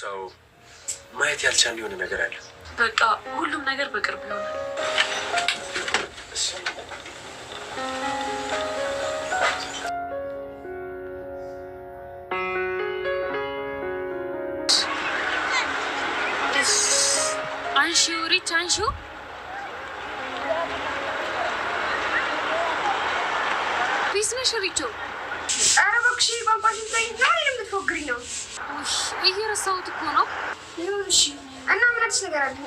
ሰው ማየት ያልቻል የሆነ ነገር አለ። በቃ ሁሉም ነገር በቅርብ ይሆናል። አንሺው ሪች አንሺው ቢዝነሽ ሪቾ ኧረ እባክሽ ቋንቋ ሲታይ ዛሬ የምትፎግሪ ነው። ይሄ እኮ ነው። እና ምን አዲስ ነገር አለ?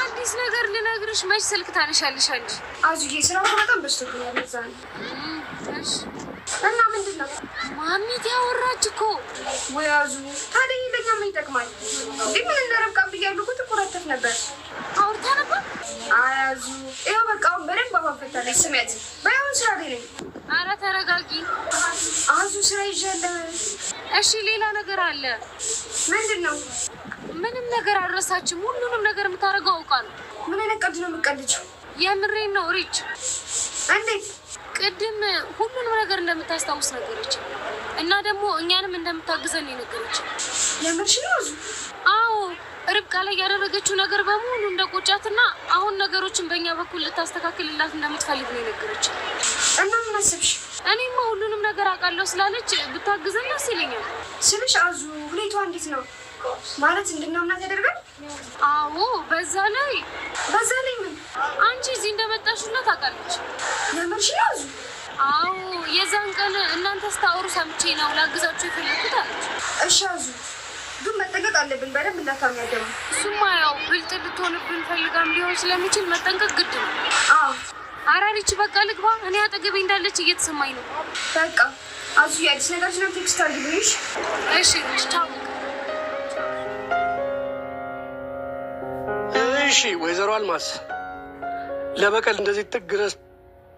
አዲስ ነገር ልነግርሽ መች ስልክ ታነሻለሽ አንቺ። አዙዬ ስራው በጣም በዝቶብኛል። እዛ ነው እና ምንድን ነው ማሚት ያወራች እኮ ወይ አዙ። ታዲያ ይሄ ምን ይጠቅማል? ግን ምን እንደረብቃ ብያሉ እኮ ትኮራተፍ ነበር። አውርታ ነበር። አይ ትፈታለች። ስሚያት ባይሆን ስራ ላይ ነኝ። ኧረ ተረጋጊ አዙ፣ ስራ ይዣለሁ። እሺ ሌላ ነገር አለ። ምንድን ነው? ምንም ነገር አልረሳችም። ሁሉንም ነገር የምታደርገው አውቃለሁ። ምን አይነት ቀልድ ነው የምትቀልጂው? የምሬን ነው ሪች። እንዴት ቅድም ሁሉንም ነገር እንደምታስታውስ ነገረች እና ደግሞ እኛንም እንደምታግዘን የነገረች የምርሽ ነው አዙ ርብቃ ላይ ያደረገችው ነገር በሙሉ እንደ ቆጫትና አሁን ነገሮችን በእኛ በኩል ልታስተካክልላት እንደምትፈልግ ነው የነገረች። እና ምን አስብሽ? እኔማ ሁሉንም ነገር አውቃለሁ ስላለች ብታግዘን ደስ ይለኛል። ስልሽ አዙ ሁኔቷ እንዴት ነው ማለት እንድናምናት ያደርጋል። አዎ፣ በዛ ላይ በዛ ላይ ምን አንቺ እዚህ እንደመጣሽና ታውቃለች። የምርሽ ነው አዙ? አዎ፣ የዛን ቀን እናንተ ስታወሩ ሰምቼ ነው ላግዛችሁ የፈለኩት አለች። እሺ አዙ መጠንቀቅ አለብን። በደንብ እንዳታሚያደሙ እሱማ ያው ብልጥ ልትሆንብን ፈልጋም ሊሆን ስለሚችል መጠንቀቅ ግድ ነው። አራሪች በቃ ልግባ። እኔ አጠገቤ እንዳለች እየተሰማኝ ነው። በቃ አዙ የአዲስ ነገር ስለ ቴክስት አድርግልሽ። እሺ ቻው። እሺ ወይዘሮ አልማስ ለበቀል እንደዚህ ጥግ ድረስ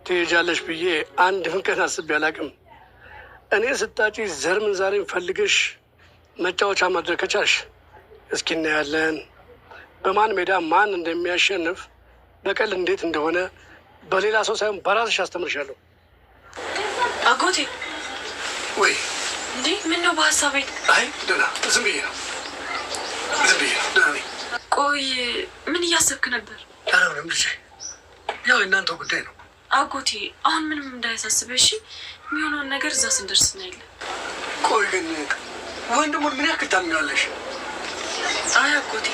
ትሄጃለሽ ብዬ አንድ ቀን አስቤ አላቅም። እኔ ስታጪ ዘርምን ዛሬን ፈልገሽ መጫወቻ ማድረግ ከቻልሽ እስኪ እናያለን። በማን ሜዳ ማን እንደሚያሸንፍ በቀል እንዴት እንደሆነ በሌላ ሰው ሳይሆን በራስሽ አስተምርሻለሁ። አጎቴ ወይ እንዴ! ምን ነው በሀሳቤ? አይ ደህና፣ ዝም ብዬ ነው፣ ዝም ብዬ ነው። ደህና ነኝ። ቆይ ምን እያሰብክ ነበር? ኧረ ምንም ልጄ፣ ያው የእናንተው ጉዳይ ነው። አጎቴ አሁን ምንም እንዳያሳስበሽ፣ የሚሆነውን ነገር እዛ ስንደርስ እናያለን። ቆይ ግን ወንድሙን ምን ያክል ታምኛለሽ? አይ አጎቴ፣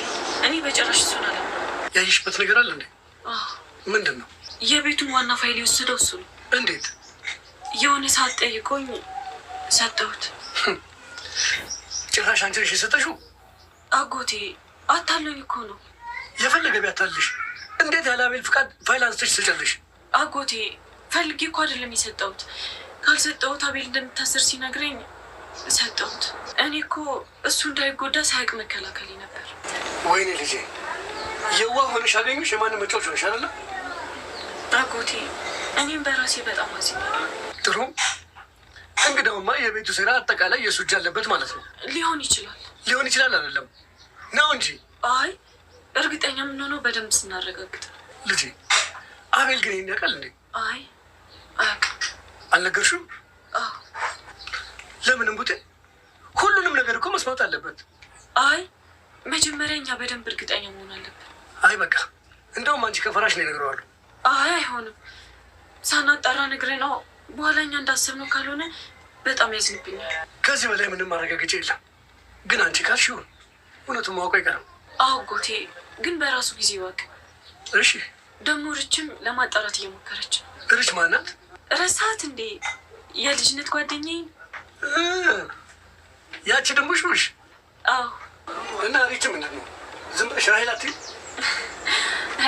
እኔ በጭራሽ እሱን አለ። ያየሽበት ነገር አለ እንዴ? ምንድን ነው? የቤቱን ዋና ፋይል የወሰደው እሱ ነው። እንዴት? የሆነ ሰዓት ጠይቆኝ ሰጠሁት። ጭራሽ አንቺ ነሽ የሰጠሽው? አጎቴ፣ አታለኝ እኮ ነው። የፈለገ ቢያታልሽ እንዴት ያለ አቤል ፍቃድ ፋይል አንስተሽ ትሰጫለሽ? አጎቴ፣ ፈልጌ እኮ አይደለም የሰጠሁት። ካልሰጠሁት አቤል እንደምታስር ሲነግረኝ ሰጠሁት። እኔ እኮ እሱ እንዳይጎዳ ሳያውቅ መከላከል ነበር። ወይኔ ልጄ የዋ ሆነሽ አገኙሽ። የማን መጫዎች ሆነሽ አለ አጎቴ። እኔም በራሴ በጣም አዝኛለሁ። ጥሩ እንግዲያውማ የቤቱ ስራ አጠቃላይ የእሱ እጅ አለበት ማለት ነው። ሊሆን ይችላል ሊሆን ይችላል አይደለም ነው እንጂ። አይ እርግጠኛ የምንሆነው በደንብ ስናረጋግጥ። ልጄ አቤል ግን ይህን ያውቃል እንዴ? አይ አያውቅም። አልነገርሽም? አዎ ለምንም ቡት ሁሉንም ነገር እኮ መስማት አለበት። አይ መጀመሪያ እኛ በደንብ እርግጠኛ መሆን አለብን። አይ በቃ እንደውም አንቺ ከፈራሽ ነው ይነግረዋሉ። አይ አይሆንም፣ ሳናጣራ ንግሬ ነው። በኋላ እኛ እንዳሰብነው ካልሆነ በጣም ያዝንብኛል። ከዚህ በላይ ምንም ማረጋገጫ የለም። ግን አንቺ ካልሽ ይሁን፣ እውነቱን ማወቁ አይቀርም። አዎ ጎቴ፣ ግን በራሱ ጊዜ ይወቅ። እሺ ደግሞ ርችም ለማጣራት እየሞከረች። ርች ማናት? ረሳት እንዴ? የልጅነት ጓደኛዬ ያቺ ደግሞ ሽሽ እና ሪች ምንድን ነው? ዝም ብለሽ ራሄል አትይም።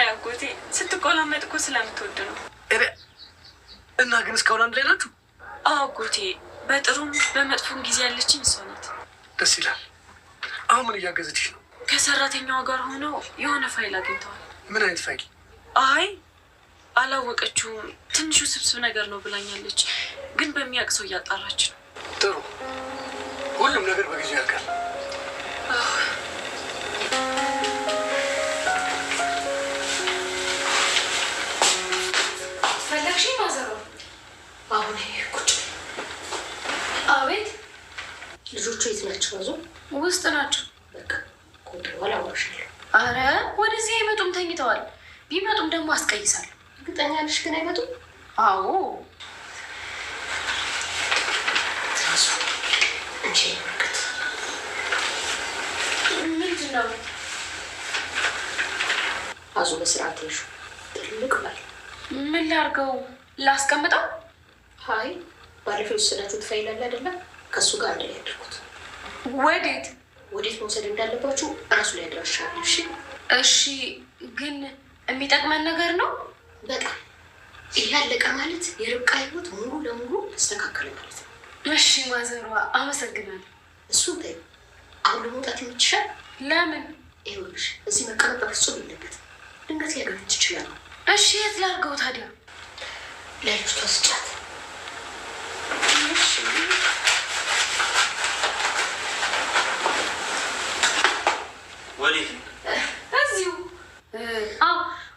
አጎቴ ስትቆላመጥ እኮ ስለምትወድ ነው። እና ግን እስካሁን አንድ ላይ ናችሁ? አጎቴ በጥሩም በመጥፎም ጊዜ ያለችኝ እሷ ናት። ደስ ይላል። አሁን ምን እያገዘችሽ ነው? ከሰራተኛዋ ጋር ሆነው የሆነ ፋይል አግኝተዋል። ምን አይነት ፋይል? አይ አላወቀችውም። ትንሹ ስብስብ ነገር ነው ብላኛለች፣ ግን በሚያውቅ ሰው እያጣራች ነው። ጥሩ። ሁሉም ነገር በጊዜ ያልቃል። ፈለግሽ ማዘሯ አሁን ቁጭ። አቤት። ልጆቹ የት ናቸው? አዞ ውስጥ ናቸው። በቃ ቆንጆ በኋላ አወራሻለሁ። አረ ወደዚህ አይመጡም፣ ተኝተዋል። ቢመጡም ደግሞ አስቀይሳለሁ። እርግጠኛ ነሽ ግን አይመጡም? አዎ አንቺ መርቅት ምንድን ነው? አዙ በስርዓት ይሹ ትልቅ ባል ምን ላርገው? ላስቀምጠው? ሀይ ባለፈው የወሰዳችሁት ፋይል አለ አይደለም? ከእሱ ጋር አንድ ላይ ያደርጉት። ወዴት ወዴት መውሰድ እንዳለባችሁ እራሱ ላይ ያደረሻል። እሺ እሺ። ግን የሚጠቅመን ነገር ነው በጣም ይሄ አለቀ ማለት የርብቃ ህይወት ሙሉ ለሙሉ ተስተካከለ ማለት ነው። እሺ ማዘሯ አመሰግናለሁ። እሱ አሁን ለመውጣት የምትሻል ለምን? ይኸውልሽ እዚህ መቀመጥ በፍጹም የለበትም። ድንገት ሊያገኙት ይችላሉ። እሺ የት ላድርገው ታዲያ? ለልጅቷ ስጫት።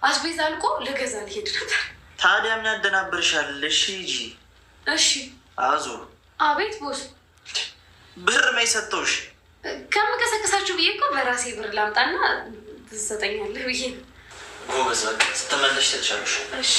አስቤዛ አልቆ ልገዛ ልሄድ ነበር። ታዲያ ምን ያደናብርሻል? እሺ ሂጂ። እሺ አዙ አቤት ቦስ፣ ብር መች ሰጥቶሽ? ከምንቀሰቀሳችሁ ብዬ እኮ በራሴ ብር ላምጣና ትሰጠኛለህ ብዬ ጎበዝ፣ በቃ ስትመለሽ ትልሻለሽ። እሺ